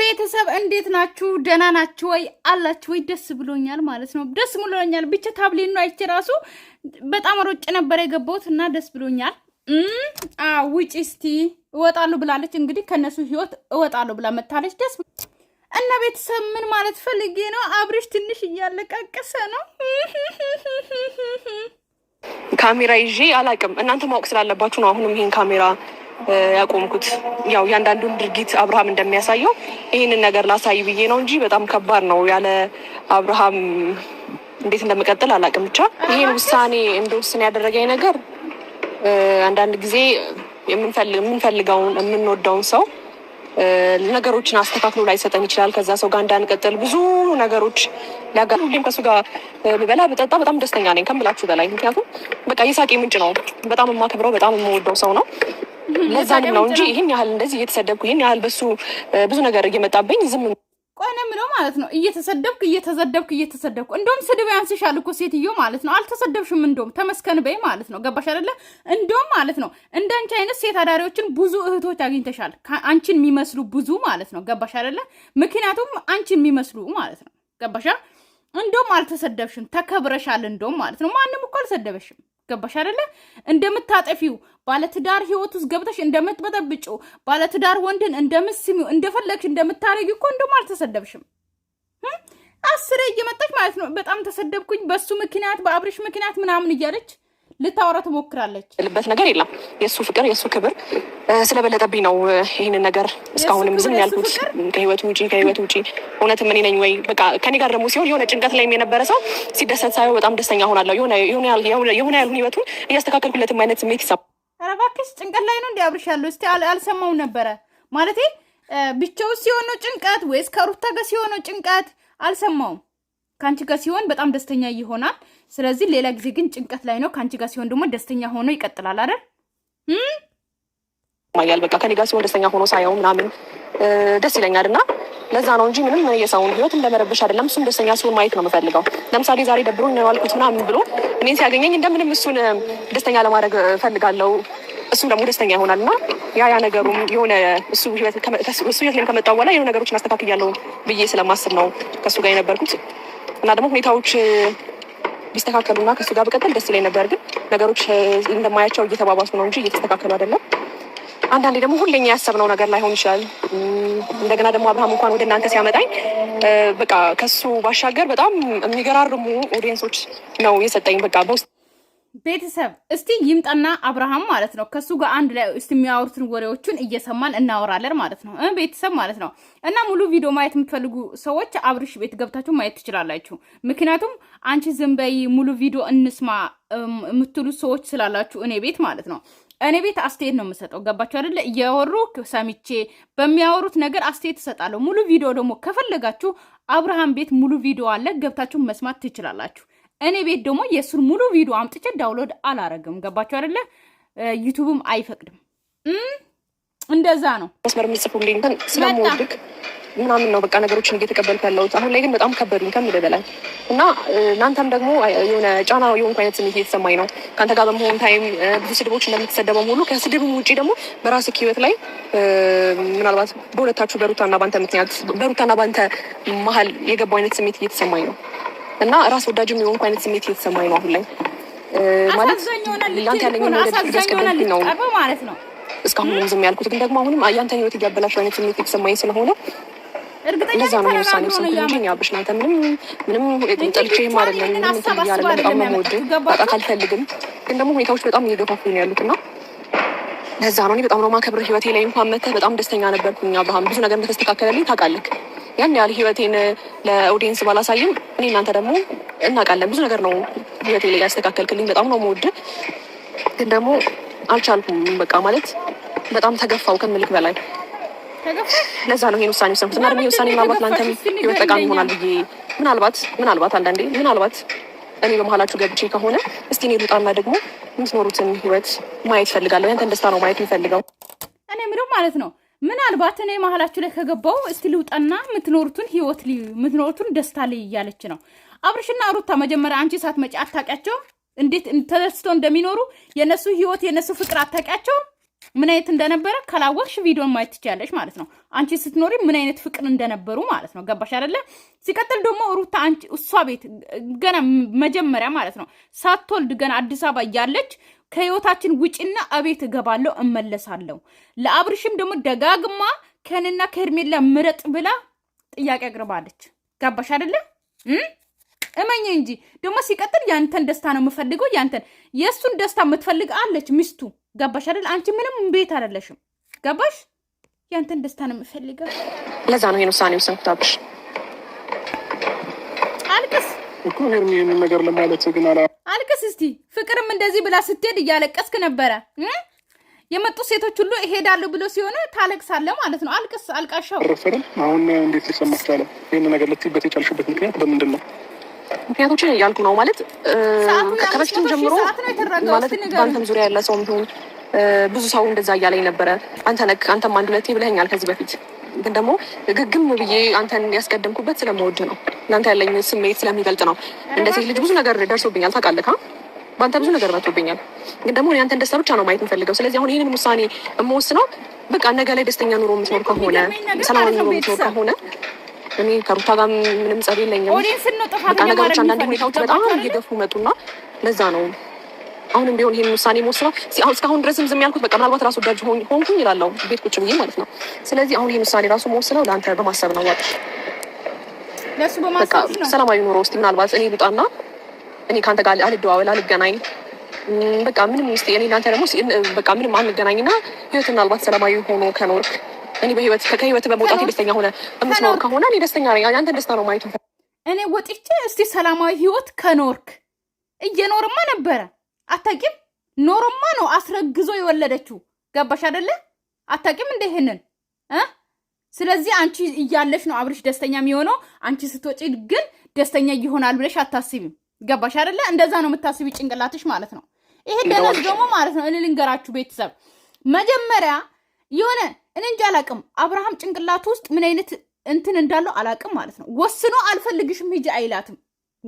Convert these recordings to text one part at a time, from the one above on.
ቤተሰብ እንዴት ናችሁ? ደህና ናችሁ ወይ? አላችሁ ወይ? ደስ ብሎኛል ማለት ነው። ደስ ብሎኛል ብቻ ታብሌን ነው አይቼ ራሱ በጣም ሮጭ ነበር የገባሁት እና ደስ ብሎኛል። ውጭ እስቲ እወጣለሁ ብላለች። እንግዲህ ከነሱ ህይወት እወጣለሁ ብላ መታለች። ደስ እና ቤተሰብ ምን ማለት ፈልጌ ነው፣ አብሬሽ ትንሽ እያለቃቀሰ ነው። ካሜራ ይዤ አላቅም። እናንተ ማወቅ ስላለባችሁ ነው። አሁንም ይሄን ካሜራ ያቆምኩት። ያው እያንዳንዱን ድርጊት አብርሃም እንደሚያሳየው ይህንን ነገር ላሳይ ብዬ ነው እንጂ በጣም ከባድ ነው። ያለ አብርሃም እንዴት እንደምቀጥል አላውቅም። ብቻ ይህን ውሳኔ እንደወስን ያደረገኝ ነገር አንዳንድ ጊዜ የምንፈልገውን የምንወደውን ሰው ነገሮችን አስተካክሎ ላይሰጠን ይችላል። ከዛ ሰው ጋር እንዳንቀጥል ብዙ ነገሮች ሊያጋ ሁሌም ከሱ ጋር ብበላ ብጠጣ በጣም ደስተኛ ነኝ ከምላችሁ በላይ። ምክንያቱም በቃ የሳቄ ምንጭ ነው። በጣም የማከብረው በጣም የምወደው ሰው ነው። ለዛም ነው እንጂ ይህን ያህል እንደዚህ እየተሰደብኩ ይህን ያህል በሱ ብዙ ነገር እየመጣብኝ ዝም ቆነ ምለው ማለት ነው። እየተሰደብክ እየተሰደብክ እየተሰደብኩ እንደውም ስድብ ያንስሻል እኮ ሴትዮ ማለት ነው። አልተሰደብሽም፣ እንደውም ተመስከን በይ ማለት ነው። ገባሽ አይደለ? እንደውም ማለት ነው እንደ አንቺ አይነት ሴት አዳሪዎችን ብዙ እህቶች አግኝተሻል። አንቺን የሚመስሉ ብዙ ማለት ነው። ገባሽ አይደለ? ምክንያቱም አንቺን የሚመስሉ ማለት ነው። ገባሻ? እንደውም አልተሰደብሽም፣ ተከብረሻል። እንደውም ማለት ነው ማንም እኮ አልሰደበሽም። ገባሽ አይደለ? እንደምታጠፊው ባለትዳር ህይወት ውስጥ ገብተሽ እንደምትበጠብጩ ባለትዳር ወንድን እንደምትስሚው እንደፈለግሽ እንደምታረጊ እኮ እንደሞ አልተሰደብሽም። አስሬ እየመጣች ማለት ነው በጣም ተሰደብኩኝ በሱ ምክንያት በአብርሽ ምክንያት ምናምን እያለች ልታወራ ትሞክራለች። ልበት ነገር የለም የእሱ ፍቅር የእሱ ክብር ስለበለጠብኝ ነው ይህንን ነገር እስካሁንም ዝም ያልኩት። ከህይወት ውጪ ከህይወት ውጪ እውነትም እኔ ነኝ ወይ? በቃ ከኔ ጋር ደግሞ ሲሆን የሆነ ጭንቀት ላይም የነበረ ሰው ሲደሰት ሳየው በጣም ደስተኛ ሆናለሁ። የሆነ ያሉን ህይወቱን እያስተካከልኩለትም አይነት ስሜት ይሰ ኧረ ጭንቀት ላይ ነው እንዲ አብርሽ ያለው እስቲ አልሰማው ነበረ ማለት ብቻው ሲሆን ነው ጭንቀት ወይስ ከሩታ ጋር ሲሆን ነው ጭንቀት? አልሰማውም ከአንቺ ጋር ሲሆን በጣም ደስተኛ ይሆናል። ስለዚህ ሌላ ጊዜ ግን ጭንቀት ላይ ነው። ከአንቺ ጋር ሲሆን ደግሞ ደስተኛ ሆኖ ይቀጥላል አይደል? ማያል በቃ ከኔ ጋር ሲሆን ደስተኛ ሆኖ ሳየው ምናምን ደስ ይለኛል እና ለዛ ነው እንጂ ምንም የሰውን ህይወት እንደመረበሽ አይደለም። እሱም ደስተኛ ሲሆን ማየት ነው የምፈልገው። ለምሳሌ ዛሬ ደብሮ ነው ምናምን ብሎ እኔን ሲያገኘኝ እንደምንም እሱን ደስተኛ ለማድረግ እፈልጋለሁ። እሱም ደግሞ ደስተኛ ይሆናል እና ያ ያ ነገሩም የሆነ እሱ ህይወት ከመጣ በኋላ የሆነ ነገሮችን አስተካክያለሁ ብዬ ስለማስብ ነው ከእሱ ጋር የነበርኩት። እና ደግሞ ሁኔታዎች ቢስተካከሉና ከሱ ጋር ብቀጥል ደስ ይለኝ ነበር። ግን ነገሮች እንደማያቸው እየተባባሱ ነው እንጂ እየተስተካከሉ አይደለም። አንዳንዴ ደግሞ ሁሌኛ ያሰብነው ነገር ላይሆን ይችላል። እንደገና ደግሞ አብርሃም እንኳን ወደ እናንተ ሲያመጣኝ በቃ ከሱ ባሻገር በጣም የሚገራርሙ ኦዲየንሶች ነው የሰጠኝ። በቃ በውስጥ ቤተሰብ እስቲ ይምጣና አብርሃም ማለት ነው ከሱ ጋር አንድ ላይ እስቲ የሚያወሩትን ወሬዎቹን እየሰማን እናወራለን ማለት ነው ቤተሰብ ማለት ነው። እና ሙሉ ቪዲዮ ማየት የምትፈልጉ ሰዎች አብርሽ ቤት ገብታችሁ ማየት ትችላላችሁ። ምክንያቱም አንቺ ዝም በይ ሙሉ ቪዲዮ እንስማ የምትሉ ሰዎች ስላላችሁ እኔ ቤት ማለት ነው እኔ ቤት አስተያየት ነው የምሰጠው። ገባችሁ አይደለ? እያወሩ ሰምቼ በሚያወሩት ነገር አስተያየት እሰጣለሁ። ሙሉ ቪዲዮ ደግሞ ከፈለጋችሁ አብርሃም ቤት ሙሉ ቪዲዮ አለ፣ ገብታችሁ መስማት ትችላላችሁ። እኔ ቤት ደግሞ የእሱን ሙሉ ቪዲዮ አምጥቼ ዳውንሎድ አላረግም። ገባችሁ አይደለ? ዩቱብም አይፈቅድም። እንደዛ ነው። መስመር የሚጽፉልኝ ግን ስለምወድቅ ምናምን ነው በቃ ነገሮችን እየተቀበልኩ ያለሁት። አሁን ላይ ግን በጣም ከበዱኝ ከምልህ በላይ እና እናንተም ደግሞ የሆነ ጫና የሆንኩ አይነት ስሜት እየተሰማኝ ነው ከአንተ ጋር በመሆን ታይም ብዙ ስድቦች እንደምትሰደበው ሁሉ ከስድብም ውጭ ደግሞ በራስህ ህይወት ላይ ምናልባት በሁለታችሁ በሩታና በአንተ ምክንያት በሩታና በአንተ መሀል የገባው አይነት ስሜት እየተሰማኝ ነው። እና ራስ ወዳጅም የሆንኩ አይነት ስሜት እየተሰማኝ ነው አሁን ላይ ማለት ያንተ ያለኝን ወደ ነው ማለት ነው። እስካሁንም ዝም ያልኩት ግን ደግሞ አሁንም ያንተን ህይወት እያበላሽ አይነት ስሜት የተሰማኝ ስለሆነ እርግጠኛ ነው ውሳኔ ስንት እንጂ ናንተ ምንም ምንም ጠልቼ ማረለ ምንም ያለ በጣም መወድ በቃ አልፈልግም ግን ደግሞ ሁኔታዎች በጣም እየገፋፉ ነው ያሉት እና ለዛ ነው በጣም ነው የማከብርህ። ህይወቴ ላይ እንኳን መተህ በጣም ደስተኛ ነበርኩኝ አብርሃም። ብዙ ነገር እንደተስተካከለልኝ ታውቃለህ። ያን ያህል ህይወቴን ለኦዲየንስ ባላሳይም እኔ እናንተ ደግሞ እናውቃለን። ብዙ ነገር ነው ህይወቴ ላይ ያስተካከልክልኝ። በጣም ነው የምወድህ፣ ግን ደግሞ አልቻልኩም። በቃ ማለት በጣም ተገፋው ከምልክ በላይ ለዛ ነው ይሄን ውሳኔ ወሰንኩት። እና ደግሞ ውሳኔ ምናልባት ለአንተም ህይወት ጠቃሚ ይሆናል ብዬ ምናልባት ምናልባት አንዳንዴ ምናልባት እኔ በመሀላችሁ ገብቼ ከሆነ እስቲ እኔ ልውጣና ደግሞ የምትኖሩትን ህይወት ማየት ይፈልጋለሁ። ያንተን ደስታ ነው ማየት የሚፈልገው። እኔ ምንም ማለት ነው ምናልባት እኔ መሀላችሁ ላይ ከገባው እስቲ ልውጠና የምትኖሩትን ህይወት የምትኖሩትን ደስታ ላይ እያለች ነው። አብርሽና ሩታ መጀመሪያ አንቺ ሳትመጪ አታውቂያቸውም? እንዴት ተደስቶ እንደሚኖሩ የእነሱ ህይወት የእነሱ ፍቅር አታውቂያቸውም? ምን አይነት እንደነበረ ካላወቅሽ ቪዲዮን ማየት ትችያለሽ ማለት ነው። አንቺ ስትኖሪ ምን አይነት ፍቅር እንደነበሩ ማለት ነው። ገባሽ አይደለ? ሲቀጥል ደግሞ ሩታ አንቺ እሷ ቤት ገና መጀመሪያ ማለት ነው ሳትወልድ ገና አዲስ አበባ እያለች ከህይወታችን ውጭና አቤት እገባለሁ እመለሳለሁ፣ ለአብርሽም ደግሞ ደጋግማ ከንና ከሄርሜላ ምረጥ ብላ ጥያቄ አቅርባለች። ገባሽ አይደለ? እመኝ እንጂ ደግሞ ሲቀጥል ያንተን ደስታ ነው የምፈልገው። ያንተን የእሱን ደስታ የምትፈልግ አለች ሚስቱ ገባሽ አይደል? አንቺ ምንም ቤት አይደለሽም። ገባሽ? ያንተን ደስታ ነው የምፈልገው። ለዛ ነው ይሄን ውሳኔ ወሰንኩት። አብሽ አልቅስ እኮ ሄርሚ፣ ይህንን ነገር ለማለት ግን አላ አልቅስ እስቲ። ፍቅርም እንደዚህ ብላ ስትሄድ እያለቀስክ ነበረ። የመጡ ሴቶች ሁሉ እሄዳለሁ ብሎ ሲሆነ ታለቅሳለህ ማለት ነው። አልቅስ አልቃሻው። ረፈርም አሁን እንዴት ሊሰማሽ ቻለ? ይህን ነገር ልትይበት የቻልሽበት ምክንያት በምንድን ነው? ምክንያቶችን እያልኩ ነው ማለት ከበፊትም ጀምሮ ማለት በአንተም ዙሪያ ያለ ሰው ቢሆን ብዙ ሰው እንደዛ እያለኝ ነበረ። አንተ ነክ አንተም አንድ ሁለቴ ብለኸኛል ከዚህ በፊት ግን ደግሞ ግግም ብዬ አንተን ያስቀደምኩበት ስለመወድ ነው። እናንተ ያለኝ ስሜት ስለሚገልጥ ነው። እንደ ሴት ልጅ ብዙ ነገር ደርሶብኛል ታውቃለህ። በአንተ ብዙ ነገር መቶብኛል። ግን ደግሞ ያንተን ደስታ ብቻ ነው ማየት የምፈልገው። ስለዚህ አሁን ይህንን ውሳኔ የምወስነው በቃ ነገ ላይ ደስተኛ ኑሮ የምትኖር ከሆነ ሰላማዊ ኑሮ የምትኖር ከሆነ እኔ ከሩታ ጋር ምንም ጸብ የለኝም። ነገሮች አንዳንድ ሁኔታዎች በጣም እየገፉ መጡና ለዛ ነው አሁንም ቢሆን ይህን ውሳኔ መወስነው እስካሁን ድረስም ዝም ያልኩት በቃ ምናልባት ራሱ ወዳጅ ሆንኩኝ ይላለው ቤት ቁጭ ብዬ ማለት ነው። ስለዚህ አሁን ይህን ውሳኔ ራሱ መወስነው ለአንተ በማሰብ ነው። ዋጥ ሰላማዊ ኑሮ ውስጥ ምናልባት እኔ ልውጣና እኔ ከአንተ ጋር አልደዋወል አልገናኝ በቃ ምንም ስ እኔ እናንተ ደግሞ በቃ ምንም አንገናኝና ህይወት ምናልባት ሰላማዊ ሆኖ ከኖርክ እኔ በህይወት ከህይወት በመውጣት ደስተኛ ሆነ የምትኖር ከሆነ እኔ ደስተኛ ነኝ። አንተን ደስታ ነው ማየት እኔ ወጥቼ እስቲ ሰላማዊ ህይወት ከኖርክ እየኖርማ ነበረ አታቂም። ኖርማ ነው አስረግዞ የወለደችው ገባሽ አደለ አታቂም እንደ ይሄንን ስለዚህ አንቺ እያለሽ ነው አብርሽ ደስተኛ የሚሆነው። አንቺ ስትወጪ ግን ደስተኛ ይሆናል ብለሽ አታስቢም። ገባሽ አደለ እንደዛ ነው የምታስቢ ጭንቅላትሽ ማለት ነው። ይሄ ደነዝ ደግሞ ማለት ነው። እኔ ልንገራችሁ ቤተሰብ መጀመሪያ የሆነ እኔ እንጂ አላቅም። አብርሃም ጭንቅላቱ ውስጥ ምን አይነት እንትን እንዳለው አላቅም ማለት ነው። ወስኖ አልፈልግሽም ሂጂ አይላትም።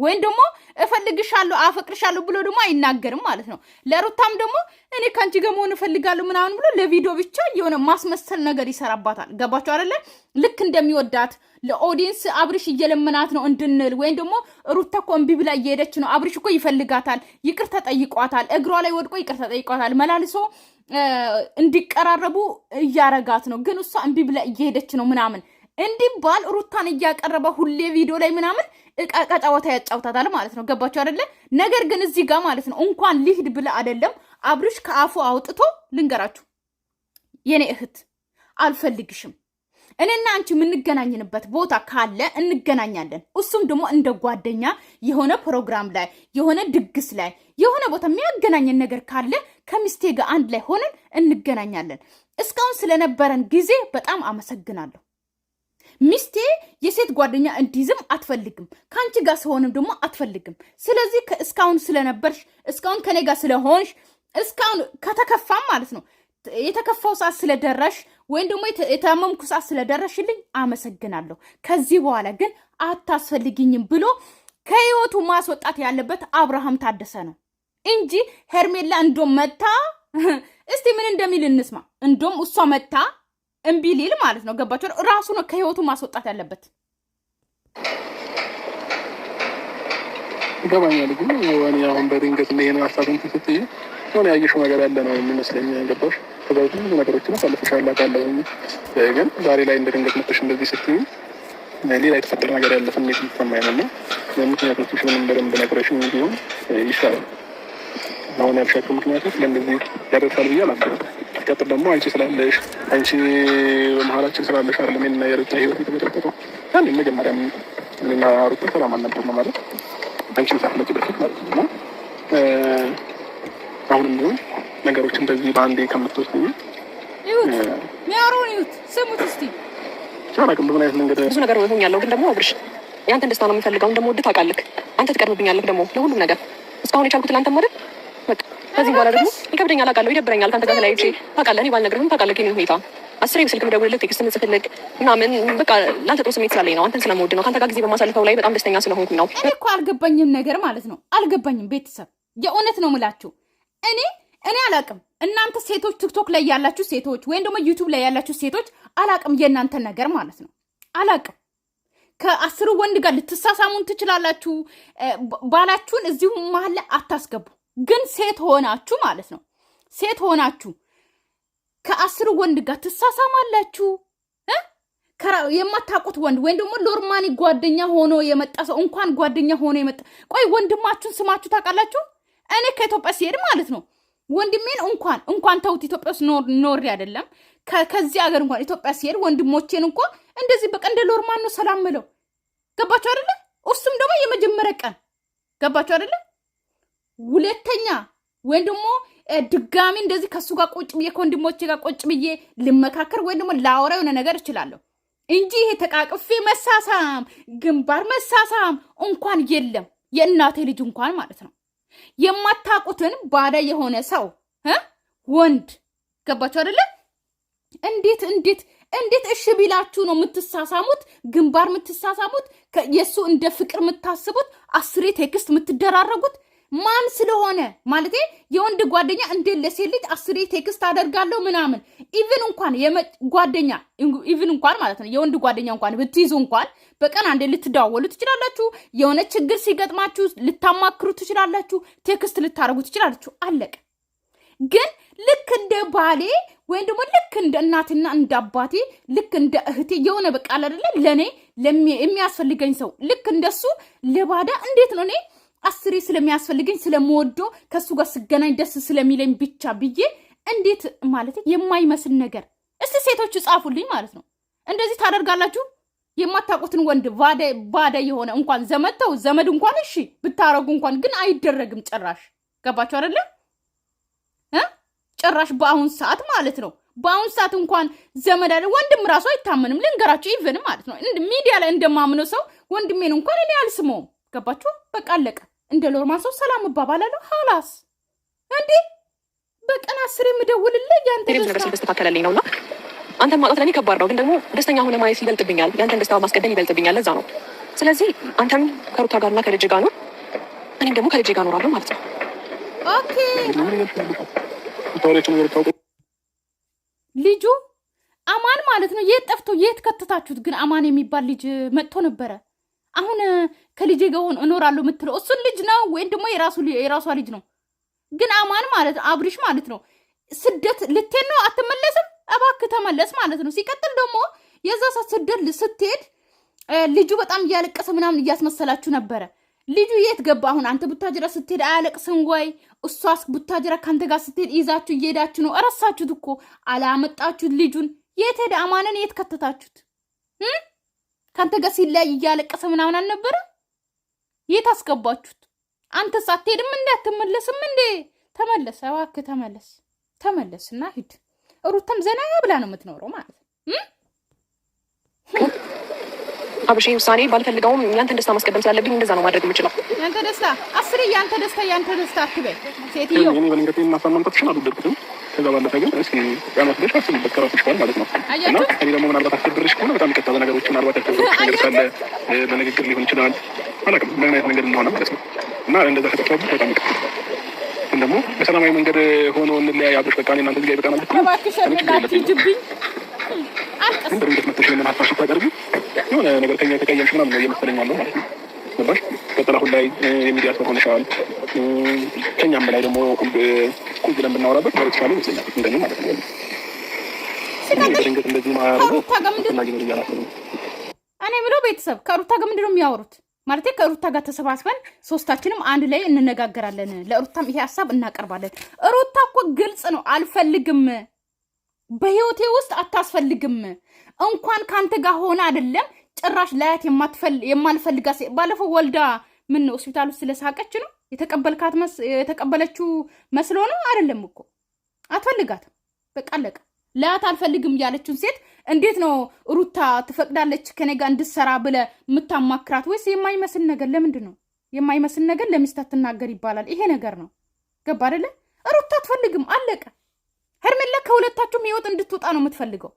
ወይም ደግሞ እፈልግሻለሁ አፈቅርሻለሁ ብሎ ደግሞ አይናገርም ማለት ነው። ለሩታም ደግሞ እኔ ከአንቺ ጋር መሆን እፈልጋለሁ ምናምን ብሎ ለቪዲዮ ብቻ የሆነ ማስመሰል ነገር ይሰራባታል። ገባችሁ አይደለ? ልክ እንደሚወዳት ለኦዲየንስ አብርሽ እየለመናት ነው እንድንል ወይም ደግሞ ሩታ እኮ እምቢ ብላ እየሄደች ነው፣ አብርሽ እኮ ይፈልጋታል፣ ይቅር ተጠይቋታል፣ እግሯ ላይ ወድቆ ይቅር ተጠይቋታል። መላልሶ እንዲቀራረቡ እያረጋት ነው፣ ግን እሷ እምቢ ብላ እየሄደች ነው ምናምን እንዲህ ባል ሩታን እያቀረበ ሁሌ ቪዲዮ ላይ ምናምን እቃቃ ጨዋታ ያጫውታታል ማለት ነው። ገባችሁ አደለ? ነገር ግን እዚህ ጋር ማለት ነው እንኳን ሊሂድ ብለ አይደለም አብርሽ ከአፉ አውጥቶ ልንገራችሁ፣ የኔ እህት አልፈልግሽም፣ እኔና አንቺ የምንገናኝንበት ቦታ ካለ እንገናኛለን። እሱም ደግሞ እንደ ጓደኛ የሆነ ፕሮግራም ላይ የሆነ ድግስ ላይ የሆነ ቦታ የሚያገናኘን ነገር ካለ ከሚስቴ ጋር አንድ ላይ ሆነን እንገናኛለን። እስካሁን ስለነበረን ጊዜ በጣም አመሰግናለሁ። ሚስቴ የሴት ጓደኛ እንዲይዝም አትፈልግም፣ ከአንቺ ጋር ስሆንም ደግሞ አትፈልግም። ስለዚህ እስካሁን ስለነበርሽ እስካሁን ከኔ ጋር ስለሆንሽ እስካሁን ከተከፋም ማለት ነው የተከፋው ሰዓት ስለደረሽ ወይም ደግሞ የታመምኩ ሰዓት ስለደረሽልኝ አመሰግናለሁ፣ ከዚህ በኋላ ግን አታስፈልግኝም ብሎ ከህይወቱ ማስወጣት ያለበት አብርሃም ታደሰ ነው እንጂ ሄርሜላ እንዶም መታ። እስቲ ምን እንደሚል እንስማ። እንዶም እሷ መታ እምቢ ሊል ማለት ነው። ገባቸው። ራሱ ነው ከህይወቱ ማስወጣት ያለበት። ይገባኛል። ግን አሁን በድንገት እንደሄነ ሀሳብ እንትን ስትይ ሆነ ያየሽው ነገር ያለ ነው የሚመስለኝ። ገባሽ? ከዛ ብዙ ነገሮች ነገሮችን አሳልፈሻል አውቃለሁ። ግን ዛሬ ላይ እንደ ድንገት መጥተሽ እንደዚህ ስትይ ሌላ የተፈጠረ ነገር ያለ ስሜት የሚሰማኝ ነው እና ምክንያቶችሽ ምንም በደንብ ነግረሽኝ ቢሆን ይሻላል። አሁን ያልሻቸው ምክንያቶች ለእንደዚህ ያደርሳል ብዬ አላሰብኩም። ሲቀጥል ደግሞ አንቺ ስላለሽ አንቺ በመሀላችን ስላለሽ አይደለም የእኔና የሩታ ህይወት የተመሰረተው። አንድ መጀመሪያ እኔና ሩታ ሰላም አልነበርም ማለት አንቺም ሳትመጪ በፊት ማለት ነው። አሁንም ቢሆን ነገሮችን በዚህ በአንዴ ከምትወስድ ስሙት እስኪ አላውቅም በምን አይነት መንገድ ብዙ ነገር ሆኛለሁ። ግን ደግሞ አብርሽ የአንተን ደስታ ነው የምፈልገው። ደግሞ ወድ ታውቃለህ፣ አንተ ትቀድምብኛለህ ደግሞ ለሁሉም ነገር እስካሁን የቻልኩት ለአንተም አይደል በቃ ከዚህ በኋላ ደግሞ ይከብደኛል፣ አውቃለሁ፣ ይደብረኛል። ከአንተ ጋር ተለያይቼ ታውቃለህ፣ እኔ ባልነግርህም ታውቃለህ ግን ሁኔታ አስሬ ስልክም ደውልልህ ቴክስት ምጽፍልህ ምናምን በቃ ለአንተ ጥሩ ስሜት ስላለኝ ነው። አንተን ስለምወድ ነው። ከአንተ ጋር ጊዜ በማሳልፈው ላይ በጣም ደስተኛ ስለሆንኩ ነው። እኔ እኮ አልገባኝም ነገር ማለት ነው አልገባኝም። ቤተሰብ የእውነት ነው ምላችሁ እኔ እኔ አላቅም። እናንተ ሴቶች ቲክቶክ ላይ ያላችሁ ሴቶች ወይም ደግሞ ዩቱብ ላይ ያላችሁ ሴቶች አላቅም፣ የእናንተ ነገር ማለት ነው አላቅም። ከአስሩ ወንድ ጋር ልትሳሳሙን ትችላላችሁ። ባላችሁን እዚሁ መሀል ላይ አታስገቡ። ግን ሴት ሆናችሁ ማለት ነው። ሴት ሆናችሁ ከአስር ወንድ ጋር ትሳሳማላችሁ። የማታውቁት ወንድ ወይም ደግሞ ሎርማኒ ጓደኛ ሆኖ የመጣ ሰው እንኳን ጓደኛ ሆኖ የመጣ ቆይ ወንድማችሁን ስማችሁ ታውቃላችሁ? እኔ ከኢትዮጵያ ሲሄድ ማለት ነው ወንድሜን እንኳን እንኳን ተውት፣ ኢትዮጵያ ውስጥ ኖሬ አይደለም ከዚህ ሀገር እንኳን ኢትዮጵያ ሲሄድ ወንድሞቼን እንኳ እንደዚህ በቃ እንደ ሎርማን ነው ሰላም ምለው ገባችሁ አደለ? እሱም ደግሞ የመጀመሪያ ቀን ገባችሁ አደለ? ሁለተኛ ወይም ደግሞ ድጋሚ እንደዚህ ከሱ ጋር ቁጭ ብዬ ከወንድሞቼ ጋር ቁጭ ብዬ ልመካከር ወይም ደግሞ ላወራ የሆነ ነገር እችላለሁ እንጂ ይሄ ተቃቅፌ መሳሳም፣ ግንባር መሳሳም እንኳን የለም። የእናቴ ልጅ እንኳን ማለት ነው የማታቁትን ባዳ የሆነ ሰው ወንድ ገባችሁ አይደለ? እንዴት እንዴት እንዴት እሺ ቢላችሁ ነው የምትሳሳሙት? ግንባር የምትሳሳሙት፣ የእሱ እንደ ፍቅር የምታስቡት፣ አስሬ ቴክስት የምትደራረጉት ማን ስለሆነ ማለት የወንድ ጓደኛ እንዴት ለሴት ልጅ አስሬ ቴክስት አደርጋለሁ ምናምን ኢቭን እንኳን ጓደኛ ኢቭን እንኳን ማለት ነው የወንድ ጓደኛ እንኳን ብትይዙ እንኳን በቀን አንዴ ልትደዋወሉ ትችላላችሁ። የሆነ ችግር ሲገጥማችሁ ልታማክሩ ትችላላችሁ። ቴክስት ልታደርጉ ትችላላችሁ። አለቀ። ግን ልክ እንደ ባሌ ወይም ደግሞ ልክ እንደ እናቴና እንደ አባቴ ልክ እንደ እህቴ የሆነ በቃል አይደለ ለእኔ የሚያስፈልገኝ ሰው ልክ እንደሱ ለባዳ እንዴት ነው እኔ አስሬ ስለሚያስፈልገኝ ስለምወዶ ከሱ ጋር ስገናኝ ደስ ስለሚለኝ ብቻ ብዬ እንዴት ማለት የማይመስል ነገር እስቲ ሴቶች ጻፉልኝ ማለት ነው። እንደዚህ ታደርጋላችሁ? የማታውቁትን ወንድ ባዳ የሆነ እንኳን ዘመተው ዘመድ እንኳን እሺ ብታረጉ እንኳን ግን አይደረግም። ጭራሽ ገባችሁ አደለ? ጭራሽ በአሁን ሰዓት ማለት ነው። በአሁን ሰዓት እንኳን ዘመድ አለ ወንድም ራሱ አይታመንም። ልንገራችሁ፣ ኢቨን ማለት ነው ሚዲያ ላይ እንደማምነው ሰው ወንድሜን እንኳን እኔ አልስመውም። ገባችሁ? በቃ አለቀ። እንደ ሎር ሰው ሰላም እባባላለሁ። ሀላስ እንዴ በቀን አስር የምደውልልህ ያንተ ነገር ስለተስተካከለልኝ ነው። እና አንተን ማጣት ለእኔ ከባድ ነው፣ ግን ደግሞ ደስተኛ ሆነ ማየት ይበልጥብኛል። ያንተን ደስታ ማስቀደም ይበልጥብኛል። ለዛ ነው። ስለዚህ አንተም ከሩታ ጋርና ከልጅ ጋር ነው፣ እኔም ደግሞ ከልጅ ጋር ኖራለሁ ማለት ነው። ልጁ አማን ማለት ነው። የት ጠፍቶ የት ከተታችሁት? ግን አማን የሚባል ልጅ መጥቶ ነበረ አሁን ከልጄ ጋር እኖራለሁ የምትለው እሱን ልጅ ነው ወይም ደግሞ የራሷ ልጅ ነው? ግን አማን ማለት ነው አብሪሽ ማለት ነው ስደት ልትሄድ ነው አትመለስም፣ እባክህ ተመለስ ማለት ነው። ሲቀጥል ደግሞ የዛ ሰት ስደት ስትሄድ ልጁ በጣም እያለቀሰ ምናምን እያስመሰላችሁ ነበረ። ልጁ የት ገባ? አሁን አንተ ቡታጅራ ስትሄድ አያለቅስም ወይ? እሷ ቡታጅራ ከአንተ ጋር ስትሄድ ይዛችሁ እየሄዳችሁ ነው። እረሳችሁት እኮ አላመጣችሁት ልጁን። የት ሄደ? አማንን የት ከተታችሁት? ከአንተ ጋር ሲለያይ እያለቀሰ ምናምን አልነበረ? የት አስገባችሁት? አንተ ሳትሄድም እንዴ? አትመለስም እንዴ? ተመለስ፣ እባክህ ተመለስ፣ ተመለስ እና ሂድ። ሩትም ዘና ብላ ነው የምትኖረው ማለት አብሽ ውሳኔ ባልፈልገውም ያንተን ደስታ ማስቀደም ስላለብኝ እንደዛ ነው ማድረግ የምችለው። ያንተ ደስታ አስር ያንተ ደስታ፣ ያንተ ደስታ አትበይ ሴትዮ። ከዛ ባለፈ ግን እስኪ ያማት ብለሽ አስብበት ከራስሽ ጋር ማለት ነው። እና እኔ ደግሞ ምናልባት አስር ብርሽ ከሆነ በጣም ይቅርታ ነገሮች ምናልባት ያስደብርሽ ነገር ሳለ በንግግር ሊሆን ይችላል አላውቅም፣ ምን አይነት መንገድ እንደሆነ ማለት ነው። እና እንደዛ ከጠፋብሽ በጣም ይቅርታ ግን ደግሞ በሰላማዊ መንገድ ሆኖ እንለያይ አብረሽ በቃ እናንተ ዚጋ በቃ ማለት ነው። ግን ድርጅት መተሽ ምን ሀሳብ ስታቀርቢ የሆነ ነገር ከኛ የተቀየምሽ ምናምን ነው እየመሰለኝ ያለው ማለት ነው። ገባሽ? ቀጥል ላይ የሚዲያ ሰው ሆነሻል። ከኛም በላይ ደግሞ ቁጭ ብለን ብናወራበት የተሻለ ይመስለኛል። እንደኔ ማለት ነው። እኔ የምለው ቤተሰብ ከሩታ ጋር ምንድን ነው የሚያወሩት? ማለት ከሩታ ጋር ተሰባስበን ሶስታችንም አንድ ላይ እንነጋገራለን፣ ለሩታም ይሄ ሀሳብ እናቀርባለን። ሩታ እኮ ግልጽ ነው፣ አልፈልግም፣ በህይወቴ ውስጥ አታስፈልግም። እንኳን ከአንተ ጋር ሆነ አይደለም ጭራሽ ላያት የማልፈልጋ ባለፈው ወልዳ ምን ሆስፒታል ውስጥ ስለሳቀች ነው የተቀበልካት የተቀበለችው መስሎ ነው አይደለም እኮ አትፈልጋትም። በቃ አለቀ። አልፈልግም ያለችውን ሴት እንዴት ነው ሩታ ትፈቅዳለች ከኔ ጋር እንድትሰራ ብለ የምታማክራት? ወይስ የማይመስል ነገር ለምንድን ነው የማይመስል ነገር ለሚስት አትናገር ይባላል። ይሄ ነገር ነው። ገባ አደለ ሩታ አትፈልግም። አለቀ። ሄርሜላ ከሁለታችሁም ህይወት እንድትወጣ ነው የምትፈልገው።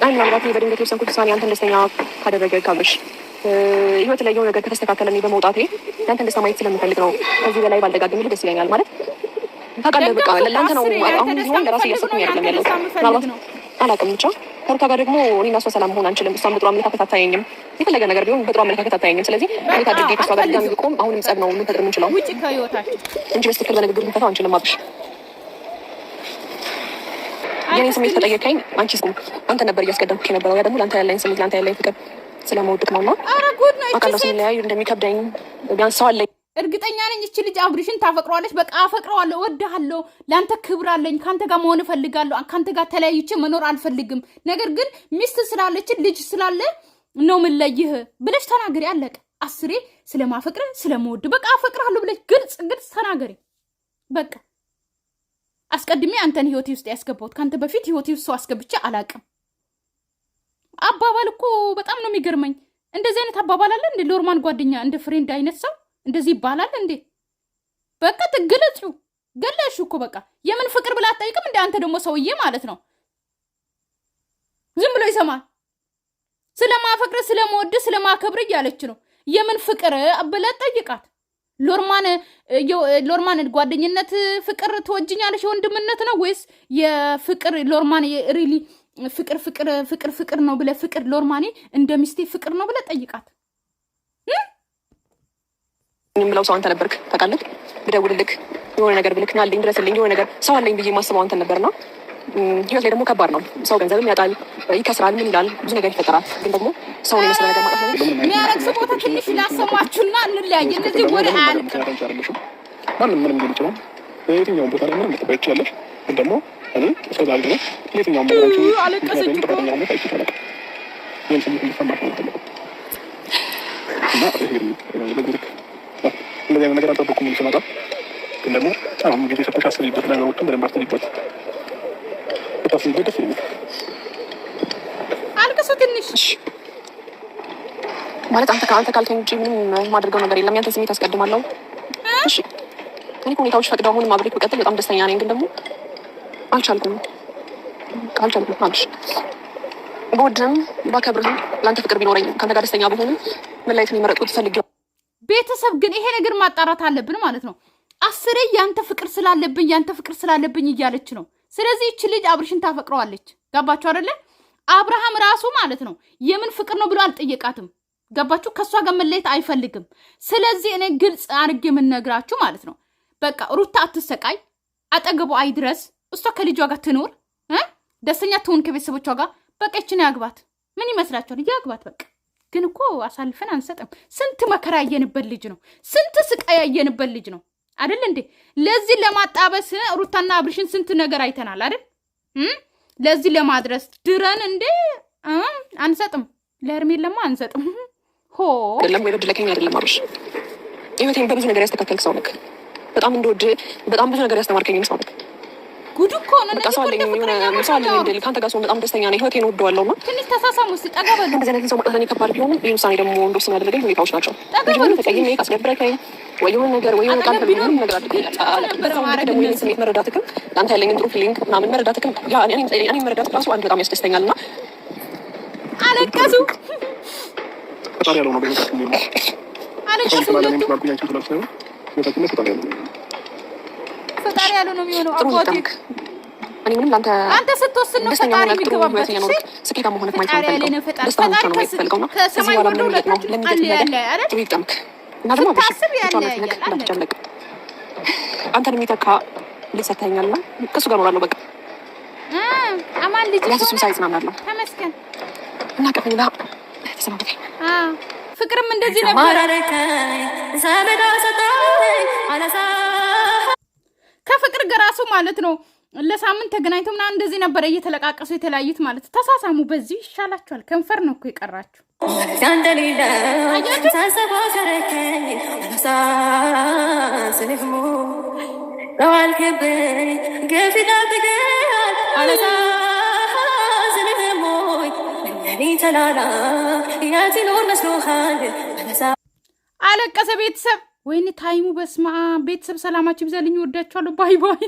ዳኒ፣ ምናልባት በድንገት የወሰንኩት ውሳኔ አንተን ደስተኛ ካደረገ ካብሽ ህይወት ላይ የሆነ ነገር ከተስተካከለ እኔ በመውጣቴ ያንተን ደስታ ማየት ስለምፈልግ ነው። ከዚህ በላይ ባልደጋግምልህ ደስ ይለኛል። ማለት ታውቃለህ፣ በቃ ለአንተ ነው። አሁን ቢሆን ለራሴ እያሰብኩኝ አይደለም ያለው ምናልባት አላውቅም። ብቻ ከሩታ ጋር ደግሞ እኔ እና እሷ ሰላም መሆን አንችልም። እሷም በጥሩ አመለካከት አታየኝም። የፈለገ ነገር ቢሆን በጥሩ አመለካከት አታየኝም። ስለዚህ እንዴት አድርጌ ከእሷ ጋር ድጋሚ ብቆም አሁንም ጸብ ነው ልንፈጥር የምንችለው እንጂ በስትክል በንግግር ልንፈታው አንችልም። አብሽ የኔ ስሜት ከጠየቀኝ አንቺ ስም አንተ ነበር እያስቀደምኩ የነበረው ያ ደግሞ ለአንተ ያለኝ ስሜት ለአንተ ያለኝ ፍቅር ስለመውድቅ ነው እና አቃለሁ ስለሚለያዩ እንደሚከብደኝ ቢያንስ ሰው አለኝ። እርግጠኛ ነኝ እቺ ልጅ አብርሽን ታፈቅረዋለች። በቃ አፈቅረዋለሁ፣ እወድሃለሁ፣ ለአንተ ክብር አለኝ፣ ከአንተ ጋር መሆን እፈልጋለሁ፣ ከአንተ ጋር ተለያይቼ መኖር አልፈልግም፣ ነገር ግን ሚስት ስላለችን ልጅ ስላለ ነው ምለይህ ብለሽ ተናገሪ። አለቀ። አስሬ ስለማፈቅረ ስለመወድ በቃ አፈቅራለሁ ብለሽ ግልጽ ግልጽ ተናገሪ። በቃ አስቀድሜ አንተን ህይወቴ ውስጥ ያስገባሁት ከአንተ በፊት ህይወቴ ውስጥ ሰው አስገብቼ አላቅም። አባባል እኮ በጣም ነው የሚገርመኝ። እንደዚህ አይነት አባባል አለ እንዴ? ኖርማን ጓደኛ እንደ ፍሬንድ አይነት ሰው እንደዚህ ይባላል እንዴ? በቃ ትግለጹ ገለሹ እኮ በቃ የምን ፍቅር ብላ አትጠይቅም። እንደ አንተ ደግሞ ሰውዬ ማለት ነው ዝም ብሎ ይሰማል። ስለማፈቅር ስለመወድ ስለማከብር እያለች ነው። የምን ፍቅር ብለ ጠይቃት። ሎርማን ሎርማን ጓደኝነት ፍቅር ትወጅኛለሽ የወንድምነት ነው ወይስ የፍቅር ሎርማን ሪሊ ፍቅር ፍቅር ፍቅር ፍቅር ነው ብለህ ፍቅር ሎርማኔ እንደ ሚስቴ ፍቅር ነው ብለህ ጠይቃት። እኔም ብለው ሰው አንተ ነበርክ ታውቃለህ። ብደውልልክ የሆነ ነገር ብልክ ናልኝ ድረስልኝ የሆነ ነገር ሰው አለኝ ብዬ ማስበው አንተን ነው። ህይወት ላይ ደግሞ ከባድ ነው። ሰው ገንዘብም ያጣል፣ ይከስራል፣ ምን ይላል፣ ብዙ ነገር ይፈጠራል። ግን ደግሞ ሰው ነው የመሰለ ነገር ማጣት ነው የሚያረግስ ቦታ ትንሽ ላሰማችሁና እንለያየ። እነዚህ ወደ አያልቅ ማንም ምንም ሊል ይችላል። የትኛውን ቦታ ላይ ምንም ልትባይ ይችላለች። ግን ደግሞ እኔ ሰው ባልድ ነው። እንደዚህ አይነት ነገር አልጠበኩም። ስመጣ ግን ደግሞ አሁን ጊዜ ሰጠሽ አስቢበት፣ ነገሮችን በደንብ አስቢበት፣ አልቅሱ ትንሽ ማለት አንተ ከአንተ ካልከኝ ውጭ ምንም ማድረገው ነገር የለም። ያንተን ስሜት አስቀድማለሁ። እሺ እኔ ሁኔታዎች ፈቅደው አሁንም አብሬክ ብቀጥል በጣም ደስተኛ ነኝ ግን ደግሞ አልቻልኩም አልቻልኩም አልሽ በወድም ባከብርህም ለአንተ ፍቅር ቢኖረኝም ከአንተ ጋር ደስተኛ በሆኑ መለየትን የመረጥኩት ፈልግ ቤተሰብ ግን ይሄ ነገር ማጣራት አለብን ማለት ነው። አስሬ ያንተ ፍቅር ስላለብኝ ያንተ ፍቅር ስላለብኝ እያለች ነው። ስለዚህ ይች ልጅ አብርሽን ታፈቅረዋለች። ገባችሁ አደለ? አብርሃም ራሱ ማለት ነው የምን ፍቅር ነው ብሎ አልጠየቃትም። ገባችሁ? ከእሷ ጋር መለየት አይፈልግም። ስለዚህ እኔ ግልጽ አድርጌ የምነግራችሁ ማለት ነው በቃ ሩታ አትሰቃይ፣ አጠገቡ አይድረስ እሷ ከልጇ ጋር ትኖር ደስተኛ ትሆን ከቤተሰቦቿ ጋር በቃ ይችን ያግባት። ምን ይመስላችኋል? ያግባት በቃ። ግን እኮ አሳልፈን አንሰጥም። ስንት መከራ ያየንበት ልጅ ነው። ስንት ስቃይ ያየንበት ልጅ ነው አይደል እንዴ? ለዚህ ለማጣበስ ሩታና አብርሽን ስንት ነገር አይተናል አይደል? ለዚህ ለማድረስ ድረን እንዴ አንሰጥም። ለማ አንሰጥም። ሆ ለም የበደለከኝ አይደለም አብርሽ፣ ህይወቴን በብዙ ነገር ያስተካከልክ ሰው ነህ። በጣም እንደወድ በጣም ብዙ ነገር ያስተማርከኝ ሰው ነህ። ጉድ እኮ ነው። በቃ ሰው አለኝ ሰው አለኝ እንድል ከአንተ ጋር ሲሆን በጣም ደስተኛ ነኝ። ህይወቴን ወደዋለሁ ነው ትንሽ ተሳሳሙ ውስጥ ጠጋ በሉ። እንደዚህ አይነት ሰው መቅጠተኔ ከባድ ቢሆንም ይህ ውሳኔ ደግሞ እንደወስን ያደረገኝ ሁኔታዎች ናቸው። መጀመሪያ ተቀይሜ ካስደብረከኝ ወይ የሆነ ነገር ወይ የሆነ ቃል ነገር ነገር ደግሞ ይህን ስሜት መረዳትክም ለአንተ ያለኝን ጥሩ ፊሊንግ ምናምን መረዳትክም እኔ መረዳት ራሱ አንድ በጣም ያስደስተኛል እና አለቀሱ ያለው ነው ፈጣሪ ያለ ነው የሚሆነው። አባቴ እኔ ምንም ላንተ አንተ ስትወስን ነው ፈጣሪ የሚገባበት። እሺ ስኬታ መሆንክ ነው። ፈጣሪ ፈጣሪ ነው ከሰማይ ወደ ያለ እና ታስብ ያለ ያለ አንተን የሚተካ ልጅ ሰጥተኸኛልና ከእሱ ጋር እኖራለሁ። በቃ አማን ልጅ ለሱም ሳይጽናናለሁ። ተመስገን እና ቀፈኝና ተሰማምተኝ ፍቅርም እንደዚህ ነበር ፍቅር ገራሱ ማለት ነው። ለሳምንት ተገናኝቶ ምና እንደዚህ ነበረ እየተለቃቀሱ የተለያዩት ማለት ተሳሳሙ። በዚህ ይሻላችኋል። ከንፈር ነው እኮ የቀራችሁ። አለቀሰ ቤተሰብ ወይኔ ታይሙ በስማ ቤተሰብ ሰላማችሁ ይብዛልኝ። ወዳችኋለሁ። ባይ ባይ